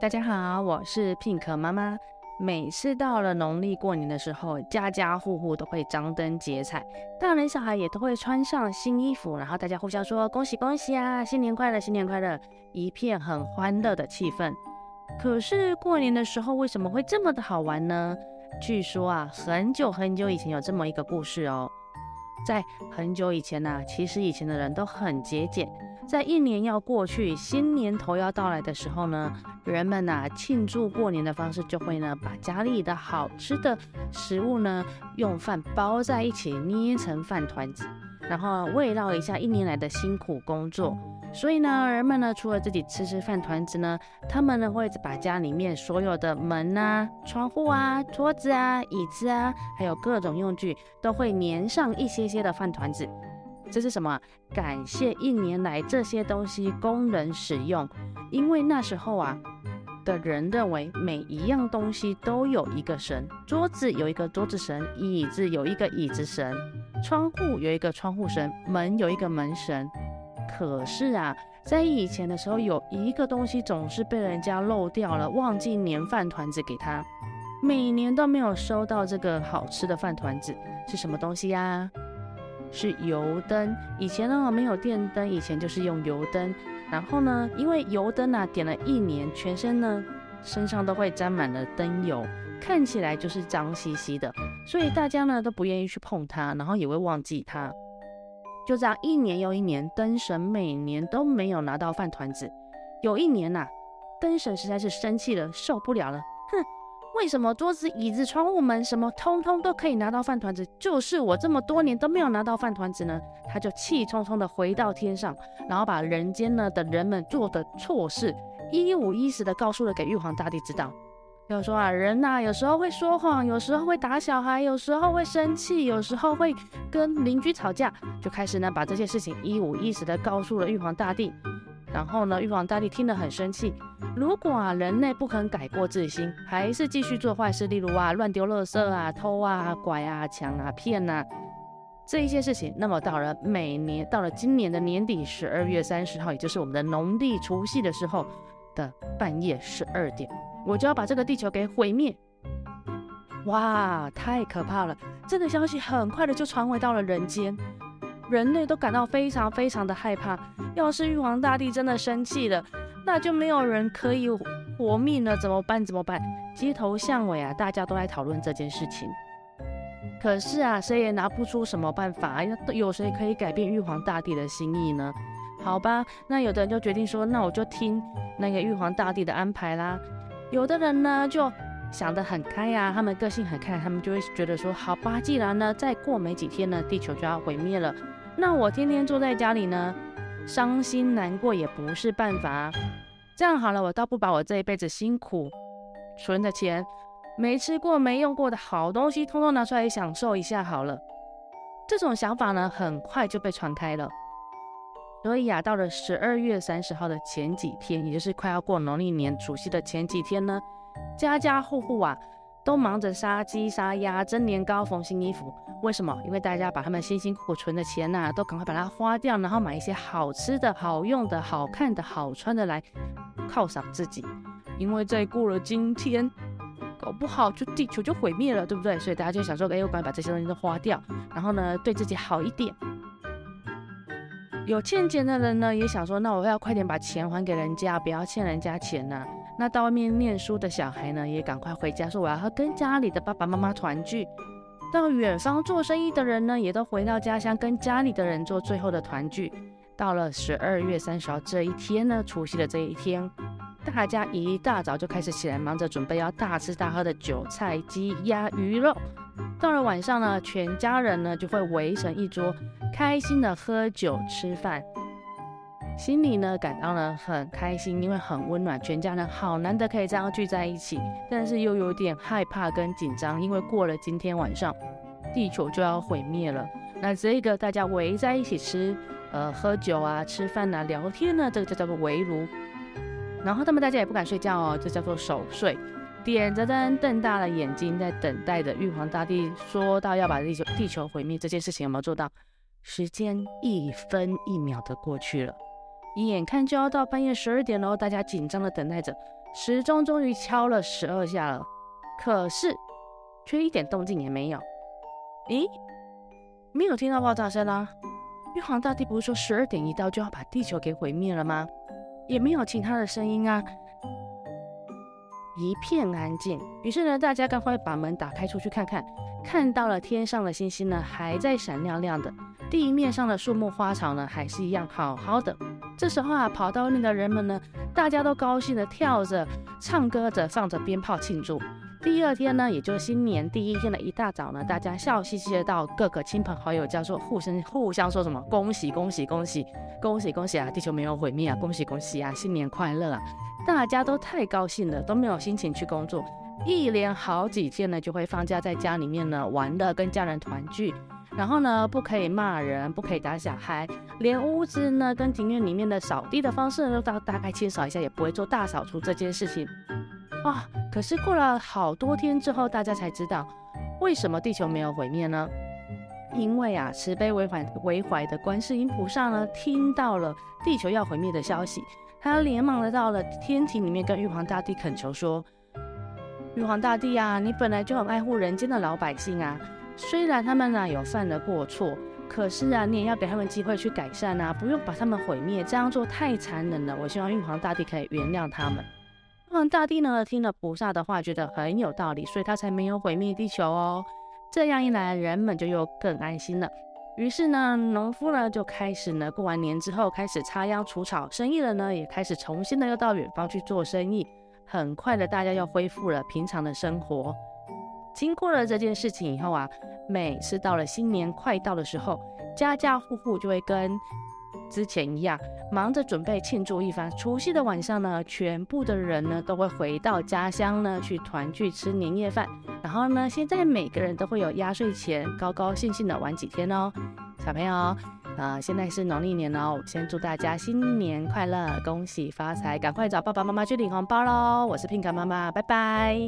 大家好，我是 Pink 媽媽。每次到了農曆過年的時候，家家戶戶都會張燈結綵，大人小孩也都會穿上新衣服，然後大家互相說恭喜恭喜啊，新年快樂，新年快樂，一片很歡樂的氣氛。可是過年的時候為什麼會這麼的好玩呢？據說啊，很久很久以前有這麼一個故事哦。在很久以前吶，其實以前的人都很節儉。在一年要過去，新年頭要到來的時候呢，人們吶慶祝過年的方式就會呢把家裡的好吃的食物呢用飯包在一起，捏成飯團子，然後慰勞一下一年來的辛苦工作。所以呢，人們呢，除了自己吃吃飯糰子呢，他們呢會把家裡面所有的門啊、窗戶啊、桌子啊、椅子啊，還有各種用具，都會粘上一些些的飯糰子。這是什麼啊？感謝一年來這些東西供人使用。因為那時候啊，的人認為每一樣東西都有一個神，桌子有一個桌子神，椅子有一個椅子神，窗戶有一個窗戶神，門有一個門神。可是啊，在以前的時候，有一個東西總是被人家漏掉了，忘記粘飯糰子給他，每年都沒有收到這個好吃的飯糰子，是什麼東西呀、啊？是油燈。以前呢沒有電燈，以前就是用油燈。然後呢，因為油燈呢、啊、點了一年，全身呢身上都會沾滿了燈油，看起來就是髒兮兮的，所以大家呢都不願意去碰它，然後也會忘記它。就這樣一年又一年，燈神每年都沒有拿到飯糰子。有一年吶、啊，燈神實在是生氣了，受不了了，哼！為什麼桌子、椅子、窗戶、門什麼通通都可以拿到飯糰子，就是我這麼多年都沒有拿到飯糰子呢？他就氣冲冲的回到天上，然後把人間呢的人們做的錯事一五一十的告訴了給玉皇大帝知道。要說啊，人吶、啊，有時候會說謊，有時候會打小孩，有時候會生氣，有時候會跟鄰居吵架，就開始呢把這些事情一五一十的告訴了玉皇大帝。然後呢，玉皇大帝聽了很生氣。如果啊人類不肯改過自新，還是繼續做壞事，例如啊亂丟垃圾啊、偷啊、拐啊、搶啊、騙啊，這一些事情，那麼到了每年到了今年的年底十二月三十號，也就是我們的農曆除夕的時候的半夜十二點。我就要把這個地球給毀滅！哇，太可怕了！這個消息很快的就傳回到了人間，人類都感到非常非常的害怕。要是玉皇大帝真的生氣了，那就沒有人可以活命了，怎麼辦？怎麼辦？街頭巷尾啊，大家都來討論這件事情。可是啊，誰也拿不出什麼辦法。有誰可以改變玉皇大帝的心意呢？好吧，那有的人就決定說，那我就聽那個玉皇大帝的安排啦。有的人呢就想得很開呀、啊，他們個性很開，他們就會覺得說，好吧，既然呢，再過沒幾天呢，地球就要毀滅了，那我天天坐在家裡呢，傷心難過也不是辦法。這樣好了，我倒不把我這一輩子辛苦存的錢，沒吃過沒用過的好東西，通通拿出來享受一下好了。這種想法呢，很快就被傳開了。所以呀、啊，到了十二月三十號的前幾天，也就是快要過農曆年除夕的前幾天呢，家家戶戶啊都忙着殺雞殺鴨、蒸年糕、縫新衣服。為什麼？因為大家把他們辛辛苦苦存的錢吶、啊，都趕快把它花掉，然後買一些好吃的、好用的、好看的、好穿的來犒賞自己。因為再過了今天，搞不好就地球就毀滅了，對不對？所以大家就想說，哎、欸，我趕快把這些東西都花掉，然後呢，對自己好一點。有欠錢的人呢，也想說，那我要快點把錢還給人家，不要欠人家錢呢、啊。那到外面念書的小孩呢，也趕快回家說，我要跟家裡的爸爸媽媽團聚。到遠方做生意的人呢，也都回到家鄉跟家裡的人做最後的團聚。到了十二月三十號這一天呢，除夕的這一天，大家一大早就開始起來，忙着準備要大吃大喝的酒菜、雞、鴨、魚肉。到了晚上呢，全家人呢就會圍成一桌，開心的喝酒吃飯，心裡呢感到呢很開心，因為很溫暖，全家人好難得可以這樣聚在一起，但是又有點害怕跟緊張，因為過了今天晚上，地球就要毀滅了。那這個大家圍在一起吃，呃，喝酒啊，吃飯啊，聊天呢，這個就叫做圍爐。然後他們大家也不敢睡覺哦，這叫做守歲。點着燈，瞪大了眼睛，在等待着。玉皇大帝說到要把地球地球毀滅這件事情有沒有做到？時間一分一秒的過去了，眼看就要到半夜十二點嘍，大家緊張的等待着。時鐘終於敲了十二下了，可是卻一點動靜也沒有。咦，沒有聽到爆炸聲啊？玉皇大帝不是說十二點一到就要把地球給毀滅了嗎？也沒有其他的聲音啊。一片安靜。於是呢，大家趕快把門打開，出去看看。看到了天上的星星呢，還在閃亮亮的；地面上的樹木花草呢，還是一樣好好的。這時候啊，跑道裡的人們呢，大家都高興地跳着、唱歌着、放着鞭炮慶祝。第二天呢，也就是新年第一天的一大早呢，大家笑嘻嘻的到各個親朋好友家說互相互相說什麼恭喜恭喜，恭喜恭喜，恭喜啊！地球沒有毀滅啊！恭喜恭喜啊！新年快樂啊！大家都太高興了，都沒有心情去工作。一連好幾天呢，就會放假在家裡面呢玩樂、跟家人團聚，然後呢，不可以罵人，不可以打小孩，連屋子呢跟庭院裡面的掃地的方式都大大概清掃一下，也不會做大掃除這件事情啊。哦可是過了好多天之後，大家才知道為什麼地球沒有毀滅呢？因為啊，慈悲為懷為懷的觀世音菩薩呢，聽到了地球要毀滅的消息，他連忙的到了天庭裡面，跟玉皇大帝懇求說：“玉皇大帝啊，你本來就很愛護人間的老百姓啊，雖然他們呢、啊、有犯了過錯，可是啊，你也要給他們機會去改善啊，不用把他們毀滅，這樣做太殘忍了。我希望玉皇大帝可以原諒他們。”他們大帝呢，聽了菩薩的話，覺得很有道理，所以他才沒有毀滅地球哦。這樣一來，人們就又更安心了。於是呢，農夫呢就開始呢，過完年之後開始插秧除草，生意人呢也開始重新的又到遠方去做生意。很快的，大家又恢復了平常的生活。經過了這件事情以後啊，每次到了新年快到的時候，家家戶戶就會跟之前一樣，忙着準備慶祝一番。除夕的晚上呢，全部的人呢都會回到家鄉呢去團聚吃年夜飯。然後呢，現在每個人都會有壓歲錢，高高興興的玩幾天哦。小朋友，啊、呃，現在是農曆年哦，先祝大家新年快樂，恭喜發財，趕快找爸爸媽媽去領紅包嘍！我是 Pinka 媽媽，拜拜。